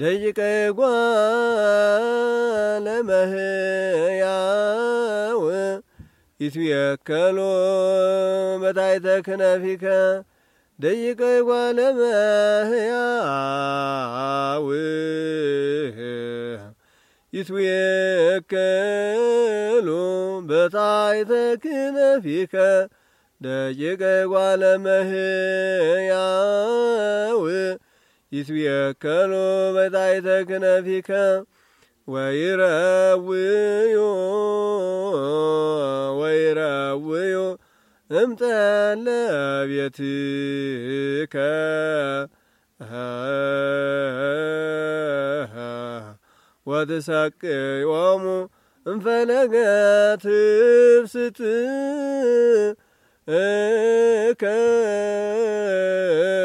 ደቂቀ ጓለ መህያው ይትየከሎ በታሕተ ክነፊከ ደቂቀ ጓለ መህያው ይትየከሎ በታሕተ ክነፊከ ደቂቀ ጓለ መህያ إذ يأكلوا بضعة أكنافك ويراويوا ويراويوا امتن لابيتك وتسقيهم فلقت بستك